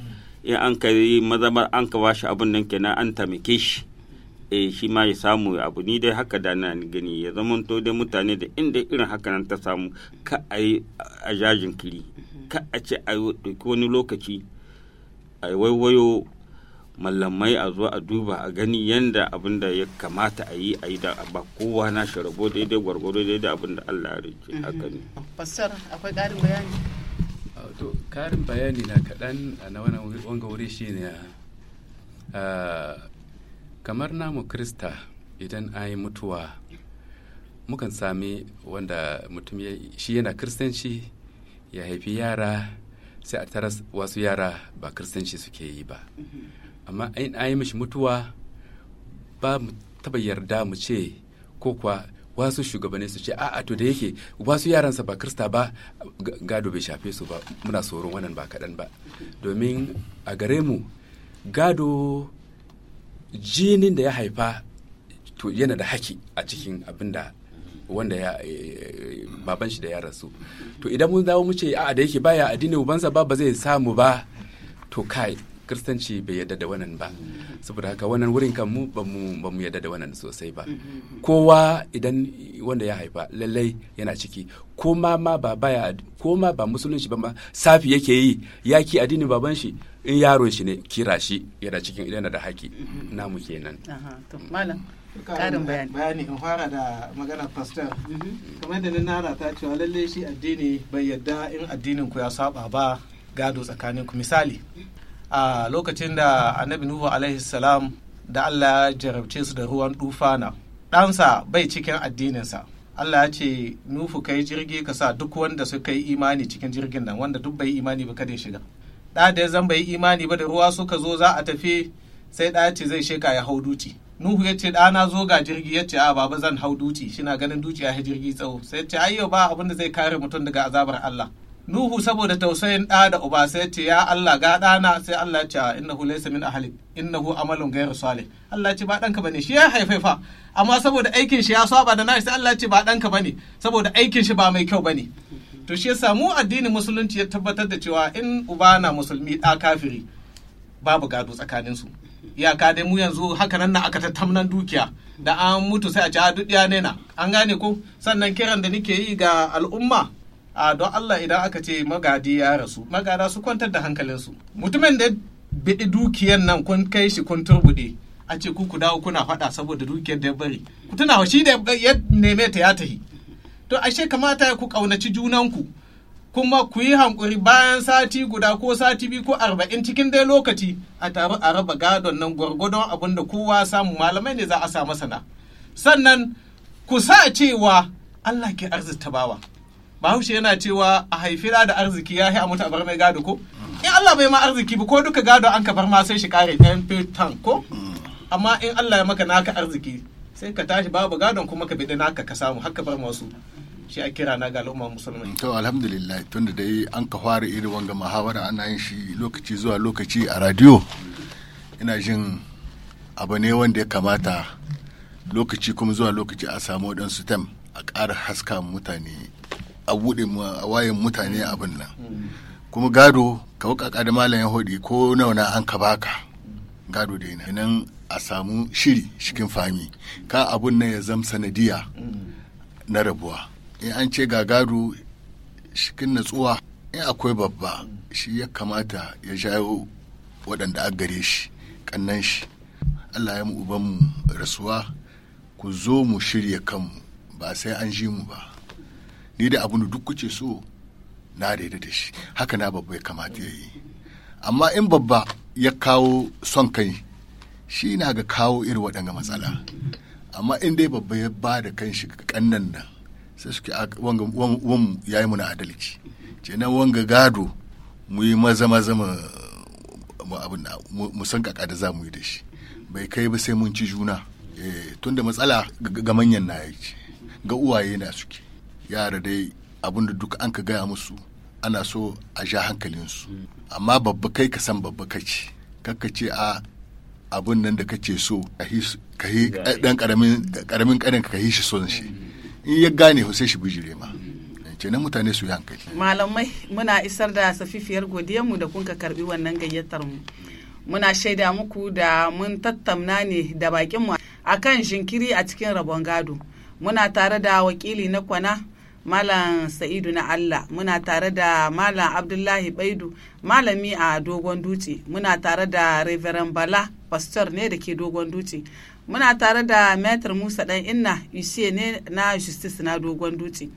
D: in an ka yi maza an ka bashi abin nan kenan an tamake shi eh shi ma ya samu abu ni dai haka da na gani ya zamanto dai mutane da inda irin haka nan ta samu ka a yi a jajin kiri mhm. ka a ce a yi wani lokaci a waiwayo mallamai a zuwa a duba a gani yanda abin da ya kamata a yi a yi da ba kowa na shi rabo daidai gwargwaro daidai abin da Allah ya rike mhm. haka ne.
C: Fassar akwai ƙarin bayani. Ah, to ƙarin bayani na kaɗan a na wani wanga wuri shi ne ah, kamar namu krista idan an yi mutuwa mukan sami wanda mutum shi yana kristanci ya haifi yara sai a taras wasu yara ba kristanci suke yi ba amma in an yi mishi mutuwa ba mu taba yarda mu ce ko kuwa wasu shugabanni su ce a'a to da yake wasu yaransa ba krista ba gado bai shafe su ba muna tsoron wannan ba kaɗan ba domin a gare mu gado jinin da ya haifa to yana da haki a cikin abin da wanda ya eh, baban shi da ya rasu to idan mun dawo mu ce a'a da yake baya addini ubansa ba ba zai samu ba to kai kristanci bai yadda da wannan ba saboda haka wannan wurin kan mu ba mu yadda da wannan sosai ba kowa idan wanda ya haifa lallai yana ciki ko ma ba baya ko ba musulunci ba ma safi yake yi yaki addinin baban shi in yaro shi ne kira shi yana cikin idan da haƙi
B: namu kenan ƙarin bayani bayani in fara da magana pastor mhm. kamar da nara ta cewa lalle shi addini bai yadda in addinin ku ya saba ba gado tsakanin ku misali a lokacin da annabi nuhu alaihi salam da Allah ya jarabce su da ruwan dufana ɗansa bai cikin addininsa Allah ya ce nufu kai jirgi ka sa duk wanda suka yi imani cikin jirgin nan wanda duk bai imani ba kada ya shiga ɗa da ya zan yi imani ba da ruwa suka zo za a tafi sai ɗa ce zai sheka ya hau duti. nuhu ya ce ɗana zo ga jirgi ya ce a baba zan hau Shi shina ganin duti ya jirgi tsawo sai ce ayyo ba abin da zai kare mutum daga azabar Allah Nuhu saboda tausayin ɗa da uba sai ce ya Allah ga ɗana sai Allah ce hu laysa min ahli hu amalun ghayru salih Allah ce ba ɗanka bane shi ya haife fa amma saboda aikin shi ya saba da nashi sai Allah ce ba ɗanka bane saboda aikin shi ba mai kyau bane to shi yasa mu addinin musulunci ya tabbatar da cewa in uba na musulmi da kafiri babu gado tsakanin su iyaka dai mu yanzu haka nan na aka tattamnan dukiya da an mutu sai a ci duk ya nena an gane ko sannan kiran da nake yi ga al'umma a don Allah idan aka ce magadi ya rasu magada su kwantar da hankalin su. mutumin da bidi dukiyan nan kun kai shi kun turbude a ce ku ku dawo kuna faɗa saboda dukiyar da ya bari ku tuna shi da ya neme ta ya tahi to ashe kamata ku ƙaunaci junanku kuma ku yi hankuri bayan sati guda ko sati biyu ko arba'in cikin dai lokaci a taru a raba gadon nan gwargwadon abin da kowa samu malamai ne za a sa masana sannan ku sa cewa Allah ke arzikta bawa bahaushe yana cewa a haifi da arziki ya a mutu a bar mai gado ko in Allah bai ma arziki ba ko duka gado an ka bar ma sai shi kare ɗan fitan ko mm. amma in Allah ya maka naka arziki sai ka tashi babu gadon kuma ka bidi naka ka samu haka bar masu shi a kira na ga al'umma musulmai
E: to alhamdulillah tunda dai an ka fara irin wanga muhawara ana yin shi lokaci zuwa lokaci a radio ina jin abu ne wanda ya kamata lokaci kuma zuwa lokaci a samu waɗansu tem a ƙara haska mutane a buɗe wayan mutane abin nan kuma gado ka wuka da malam ya ko nauna an ka baka gado dai nan a samu shiri cikin fami ka abun nan ya zama sanadiya na rabuwa in an ce gagaru gado cikin natsuwa in akwai babba shi ya kamata ya shayo waɗanda a gare shi kannan shi allah ya mu ubanmu rasuwa ku zo mu shirya kanmu ba sai an ji mu ba ni da abin duk kuce so na daidai da shi haka na babba ya kamata ya yi amma in babba ya kawo son kai shi na ga kawo irin waɗanga matsala amma in dai babba ya ba da kan shi kannan nan sai suke ah, wanga ya yayi muna adalci ce nan wanga gado mu yi maza maza mu abin mu san kaka da za mu yi da shi bai kai ba sai mun ci juna eh, tunda matsala ga manyan na ce ga uwaye na suke yara dai abin da duka an ka gaya musu ana so a sha hankalinsu amma babba kai ka san babba kace kakka ce a abin nan da kake so ka yi dan ƙaramin ka yi shi son shi in ya gane sai shi bijire ma mm. ce na mutane su yi hankali
A: malamai muna isar da safifiyar godiyarmu da kun ka karbi wannan gayyatar mu muna shaida muku da mun tattauna ne da bakin mu akan jinkiri a cikin rabon gado muna tare da wakili na kwana malam sa'idu na allah muna tare da malam abdullahi baidu malami a dogon dutse muna tare da reverend bala pastor ne da ke dogon dutse muna tare da metar musa dan inna yushe ne na justice na dogon dutse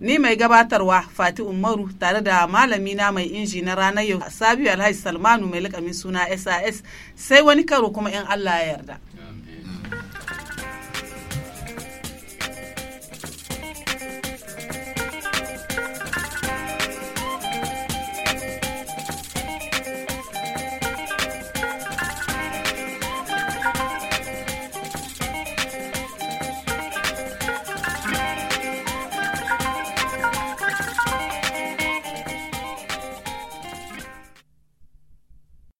A: ni mai gabatarwa fati umaru tare da malami na mai inji na ranar yau sabiu alhaji salmanu mai lakamin suna sas sai wani karo kuma in allah ya yarda